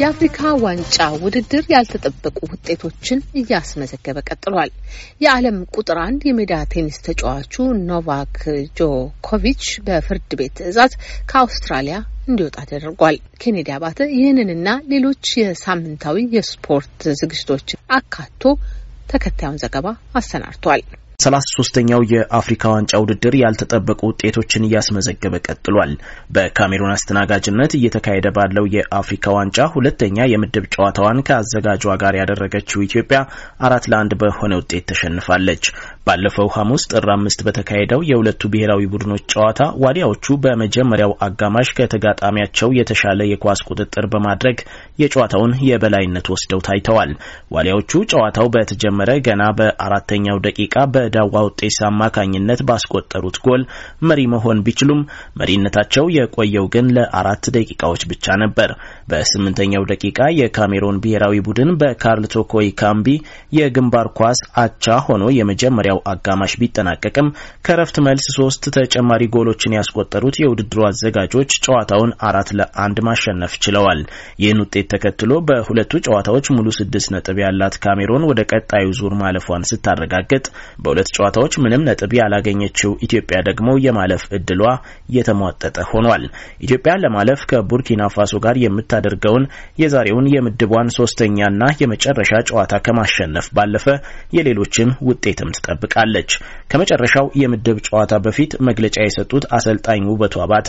የአፍሪካ ዋንጫ ውድድር ያልተጠበቁ ውጤቶችን እያስመዘገበ ቀጥሏል። የዓለም ቁጥር አንድ የሜዳ ቴኒስ ተጫዋቹ ኖቫክ ጆኮቪች በፍርድ ቤት ትዕዛዝ ከአውስትራሊያ እንዲወጣ ተደርጓል። ኬኔዲ አባተ ይህንንና ሌሎች የሳምንታዊ የስፖርት ዝግጅቶችን አካቶ ተከታዩን ዘገባ አሰናድቷል። ሰላሳ ሶስተኛው የአፍሪካ ዋንጫ ውድድር ያልተጠበቁ ውጤቶችን እያስመዘገበ ቀጥሏል። በካሜሩን አስተናጋጅነት እየተካሄደ ባለው የአፍሪካ ዋንጫ ሁለተኛ የምድብ ጨዋታዋን ከአዘጋጇ ጋር ያደረገችው ኢትዮጵያ አራት ለአንድ በሆነ ውጤት ተሸንፋለች። ባለፈው ሐሙስ ጥር አምስት በተካሄደው የሁለቱ ብሔራዊ ቡድኖች ጨዋታ ዋሊያዎቹ በመጀመሪያው አጋማሽ ከተጋጣሚያቸው የተሻለ የኳስ ቁጥጥር በማድረግ የጨዋታውን የበላይነት ወስደው ታይተዋል። ዋሊያዎቹ ጨዋታው በተጀመረ ገና በአራተኛው ደቂቃ በዳዋ ውጤሳ አማካኝነት ባስቆጠሩት ጎል መሪ መሆን ቢችሉም መሪነታቸው የቆየው ግን ለአራት ደቂቃዎች ብቻ ነበር። በስምንተኛው ደቂቃ የካሜሮን ብሔራዊ ቡድን በካርል ቶኮይ ካምቢ የግንባር ኳስ አቻ ሆኖ የመጀመሪያ የመጀመሪያው አጋማሽ ቢጠናቀቅም ከረፍት መልስ ሶስት ተጨማሪ ጎሎችን ያስቆጠሩት የውድድሩ አዘጋጆች ጨዋታውን አራት ለአንድ ማሸነፍ ችለዋል። ይህን ውጤት ተከትሎ በሁለቱ ጨዋታዎች ሙሉ ስድስት ነጥብ ያላት ካሜሮን ወደ ቀጣዩ ዙር ማለፏን ስታረጋግጥ፣ በሁለት ጨዋታዎች ምንም ነጥብ ያላገኘችው ኢትዮጵያ ደግሞ የማለፍ እድሏ የተሟጠጠ ሆኗል። ኢትዮጵያ ለማለፍ ከቡርኪና ፋሶ ጋር የምታደርገውን የዛሬውን የምድቧን ሶስተኛና የመጨረሻ ጨዋታ ከማሸነፍ ባለፈ የሌሎችን ውጤትም ትጠብቃል። ትጠብቃለች። ከመጨረሻው የምድብ ጨዋታ በፊት መግለጫ የሰጡት አሰልጣኝ ውበቱ አባተ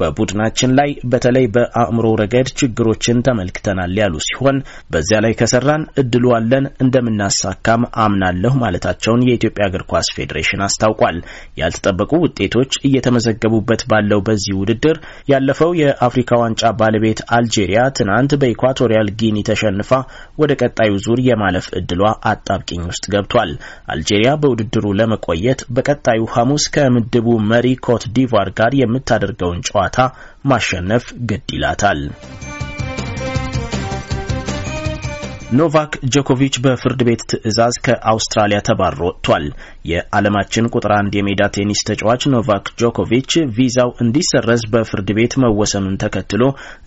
በቡድናችን ላይ በተለይ በአእምሮ ረገድ ችግሮችን ተመልክተናል ያሉ ሲሆን በዚያ ላይ ከሰራን እድሉ አለን እንደምናሳካም አምናለሁ ማለታቸውን የኢትዮጵያ እግር ኳስ ፌዴሬሽን አስታውቋል። ያልተጠበቁ ውጤቶች እየተመዘገቡበት ባለው በዚህ ውድድር ያለፈው የአፍሪካ ዋንጫ ባለቤት አልጄሪያ ትናንት በኢኳቶሪያል ጊኒ ተሸንፋ ወደ ቀጣዩ ዙር የማለፍ እድሏ አጣብቂኝ ውስጥ ገብቷል። አልጄሪያ በ በውድድሩ ለመቆየት በቀጣዩ ሐሙስ ከምድቡ መሪ ኮት ዲቫር ጋር የምታደርገውን ጨዋታ ማሸነፍ ግድ ይላታል። ኖቫክ ጆኮቪች በፍርድ ቤት ትዕዛዝ ከአውስትራሊያ ተባሮ ወጥቷል። የዓለማችን ቁጥር አንድ የሜዳ ቴኒስ ተጫዋች ኖቫክ ጆኮቪች ቪዛው እንዲሰረዝ በፍርድ ቤት መወሰኑን ተከትሎ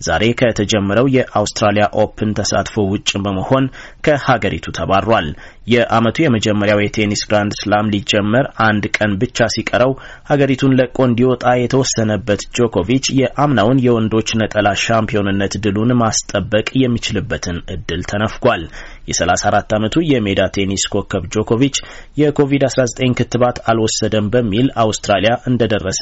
ዛሬ ከተጀመረው የአውስትራሊያ ኦፕን ተሳትፎ ውጭ በመሆን ከሀገሪቱ ተባሯል። የዓመቱ የመጀመሪያው የቴኒስ ግራንድ ስላም ሊጀመር አንድ ቀን ብቻ ሲቀረው ሀገሪቱን ለቆ እንዲወጣ የተወሰነበት ጆኮቪች የአምናውን የወንዶች ነጠላ ሻምፒዮንነት ድሉን ማስጠበቅ የሚችልበትን እድል ተነፍጓል። Yeah. የ34 ዓመቱ የሜዳ ቴኒስ ኮከብ ጆኮቪች የኮቪድ-19 ክትባት አልወሰደም በሚል አውስትራሊያ እንደደረሰ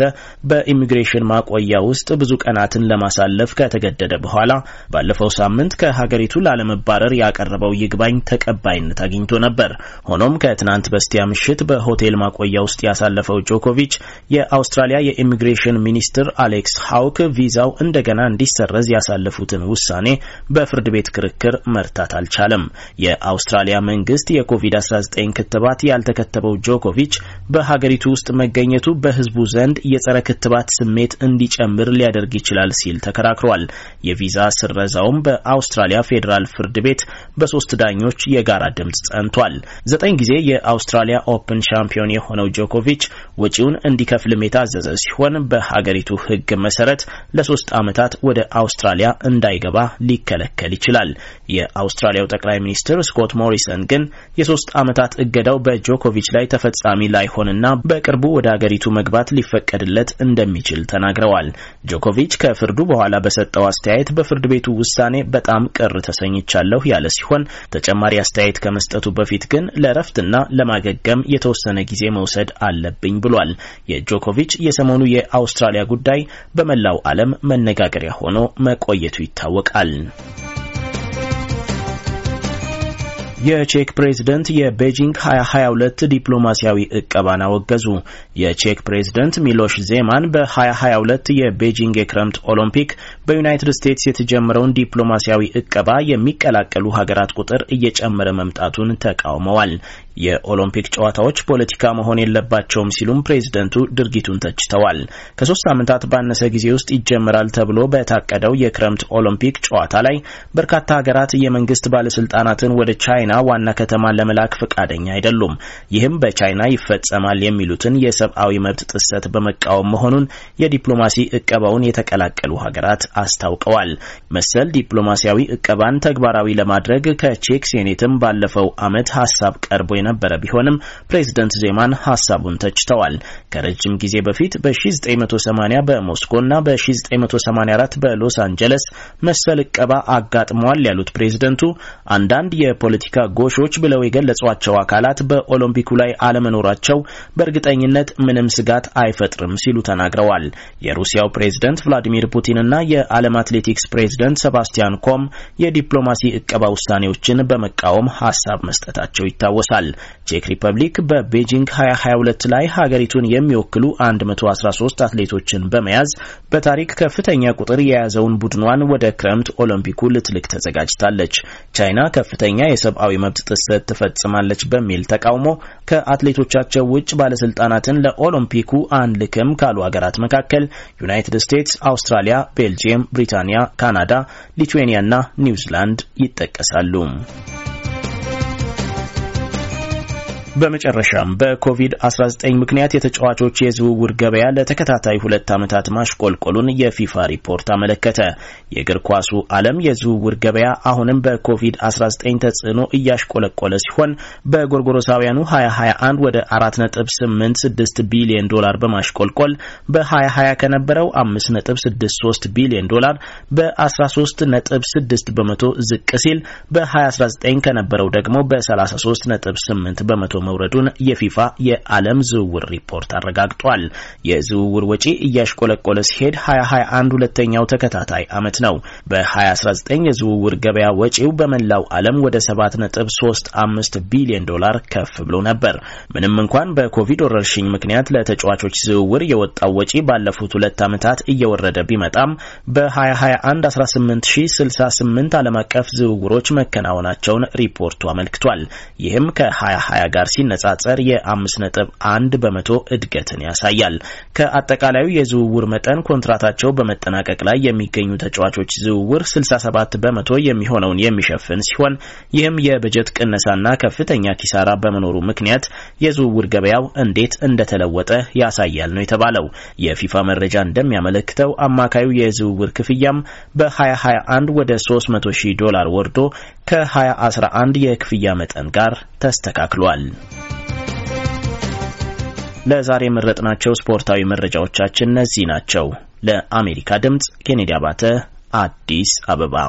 በኢሚግሬሽን ማቆያ ውስጥ ብዙ ቀናትን ለማሳለፍ ከተገደደ በኋላ ባለፈው ሳምንት ከሀገሪቱ ላለመባረር ያቀረበው ይግባኝ ተቀባይነት አግኝቶ ነበር። ሆኖም ከትናንት በስቲያ ምሽት በሆቴል ማቆያ ውስጥ ያሳለፈው ጆኮቪች የአውስትራሊያ የኢሚግሬሽን ሚኒስትር አሌክስ ሀውክ ቪዛው እንደገና እንዲሰረዝ ያሳለፉትን ውሳኔ በፍርድ ቤት ክርክር መርታት አልቻለም። የአውስትራሊያ መንግስት የኮቪድ-19 ክትባት ያልተከተበው ጆኮቪች በሀገሪቱ ውስጥ መገኘቱ በህዝቡ ዘንድ የጸረ ክትባት ስሜት እንዲጨምር ሊያደርግ ይችላል ሲል ተከራክሯል። የቪዛ ስረዛውም በአውስትራሊያ ፌዴራል ፍርድ ቤት በሶስት ዳኞች የጋራ ድምፅ ጸንቷል። ዘጠኝ ጊዜ የአውስትራሊያ ኦፕን ሻምፒዮን የሆነው ጆኮቪች ወጪውን እንዲከፍልም የታዘዘ ሲሆን በሀገሪቱ ህግ መሰረት ለሶስት ዓመታት ወደ አውስትራሊያ እንዳይገባ ሊከለከል ይችላል። የአውስትራሊያው ጠቅላይ ሚኒስትር ሚኒስትር ስኮት ሞሪሰን ግን የሶስት ዓመታት እገዳው በጆኮቪች ላይ ተፈጻሚ ላይሆንና በቅርቡ ወደ አገሪቱ መግባት ሊፈቀድለት እንደሚችል ተናግረዋል። ጆኮቪች ከፍርዱ በኋላ በሰጠው አስተያየት በፍርድ ቤቱ ውሳኔ በጣም ቅር ተሰኝቻለሁ ያለ ሲሆን ተጨማሪ አስተያየት ከመስጠቱ በፊት ግን ለረፍትና ለማገገም የተወሰነ ጊዜ መውሰድ አለብኝ ብሏል። የጆኮቪች የሰሞኑ የአውስትራሊያ ጉዳይ በመላው ዓለም መነጋገሪያ ሆኖ መቆየቱ ይታወቃል። የቼክ ፕሬዝደንት የቤጂንግ 2022 ዲፕሎማሲያዊ እቀባን አወገዙ። የቼክ ፕሬዝደንት ሚሎሽ ዜማን በ2022 የቤጂንግ የክረምት ኦሎምፒክ በዩናይትድ ስቴትስ የተጀመረውን ዲፕሎማሲያዊ እቀባ የሚቀላቀሉ ሀገራት ቁጥር እየጨመረ መምጣቱን ተቃውመዋል። የኦሎምፒክ ጨዋታዎች ፖለቲካ መሆን የለባቸውም ሲሉም ፕሬዝደንቱ ድርጊቱን ተችተዋል። ከሶስት ሳምንታት ባነሰ ጊዜ ውስጥ ይጀመራል ተብሎ በታቀደው የክረምት ኦሎምፒክ ጨዋታ ላይ በርካታ ሀገራት የመንግስት ባለስልጣናትን ወደ ቻይና ዋና ከተማ ለመላክ ፈቃደኛ አይደሉም። ይህም በቻይና ይፈጸማል የሚሉትን የሰብአዊ መብት ጥሰት በመቃወም መሆኑን የዲፕሎማሲ እቀባውን የተቀላቀሉ ሀገራት አስታውቀዋል። መሰል ዲፕሎማሲያዊ እቀባን ተግባራዊ ለማድረግ ከቼክ ሴኔትም ባለፈው ዓመት ሀሳብ ቀርቦ የነበረ ቢሆንም ፕሬዝደንት ዜማን ሀሳቡን ተችተዋል። ከረጅም ጊዜ በፊት በ1980 በሞስኮና በ1984 በሎስ አንጀለስ መሰል እቀባ አጋጥመዋል ያሉት ፕሬዝደንቱ አንዳንድ የፖለቲካ የፖለቲካ ጎሾች ብለው የገለጿቸው አካላት በኦሎምፒኩ ላይ አለመኖራቸው በእርግጠኝነት ምንም ስጋት አይፈጥርም ሲሉ ተናግረዋል። የሩሲያው ፕሬዝደንት ቭላዲሚር ፑቲንና የዓለም አትሌቲክስ ፕሬዝደንት ሰባስቲያን ኮም የዲፕሎማሲ እቀባ ውሳኔዎችን በመቃወም ሀሳብ መስጠታቸው ይታወሳል። ቼክ ሪፐብሊክ በቤጂንግ 2022 ላይ ሀገሪቱን የሚወክሉ 113 አትሌቶችን በመያዝ በታሪክ ከፍተኛ ቁጥር የያዘውን ቡድኗን ወደ ክረምት ኦሎምፒኩ ልትልክ ተዘጋጅታለች። ቻይና ከፍተኛ የሰብ የሰብአዊ መብት ጥሰት ትፈጽማለች በሚል ተቃውሞ ከአትሌቶቻቸው ውጭ ባለስልጣናትን ለኦሎምፒኩ አንልክም ካሉ ሀገራት መካከል ዩናይትድ ስቴትስ፣ አውስትራሊያ፣ ቤልጂየም፣ ብሪታንያ፣ ካናዳ፣ ሊትዌኒያ እና ኒውዚላንድ ይጠቀሳሉ። በመጨረሻም በኮቪድ-19 ምክንያት የተጫዋቾች የዝውውር ገበያ ለተከታታይ ሁለት ዓመታት ማሽቆልቆሉን የፊፋ ሪፖርት አመለከተ። የእግር ኳሱ ዓለም የዝውውር ገበያ አሁንም በኮቪድ-19 ተጽዕኖ እያሽቆለቆለ ሲሆን በጎርጎሮሳውያኑ 2021 ወደ 4.86 ቢሊዮን ዶላር በማሽቆልቆል በ2020 ከነበረው 5.63 ቢሊዮን ዶላር በ13.6 በመቶ ዝቅ ሲል በ2019 ከነበረው ደግሞ በ33.8 በመቶ መውረዱን የፊፋ የዓለም ዝውውር ሪፖርት አረጋግጧል። የዝውውር ወጪ እያሽቆለቆለ ሲሄድ 2021 ሁለተኛው ተከታታይ ዓመት ነው። በ2019 የዝውውር ገበያ ወጪው በመላው ዓለም ወደ 7.35 ቢሊዮን ዶላር ከፍ ብሎ ነበር። ምንም እንኳን በኮቪድ ወረርሽኝ ምክንያት ለተጫዋቾች ዝውውር የወጣው ወጪ ባለፉት ሁለት ዓመታት እየወረደ ቢመጣም በ2021 18068 ዓለም አቀፍ ዝውውሮች መከናወናቸውን ሪፖርቱ አመልክቷል። ይህም ከ2020 ጋር ሲነጻጸር የ51 በመቶ እድገትን ያሳያል። ከአጠቃላዩ የዝውውር መጠን ኮንትራታቸው በመጠናቀቅ ላይ የሚገኙ ተጫዋቾች ዝውውር 67 በመቶ የሚሆነውን የሚሸፍን ሲሆን ይህም የበጀት ቅነሳና ከፍተኛ ኪሳራ በመኖሩ ምክንያት የዝውውር ገበያው እንዴት እንደተለወጠ ያሳያል ነው የተባለው። የፊፋ መረጃ እንደሚያመለክተው አማካዩ የዝውውር ክፍያም በ2021 ወደ 300 ሺህ ዶላር ወርዶ ከ2011 የክፍያ መጠን ጋር ተስተካክሏል። ለዛሬ የመረጥናቸው ስፖርታዊ መረጃዎቻችን እነዚህ ናቸው። ለአሜሪካ ድምፅ ኬኔዲ አባተ አዲስ አበባ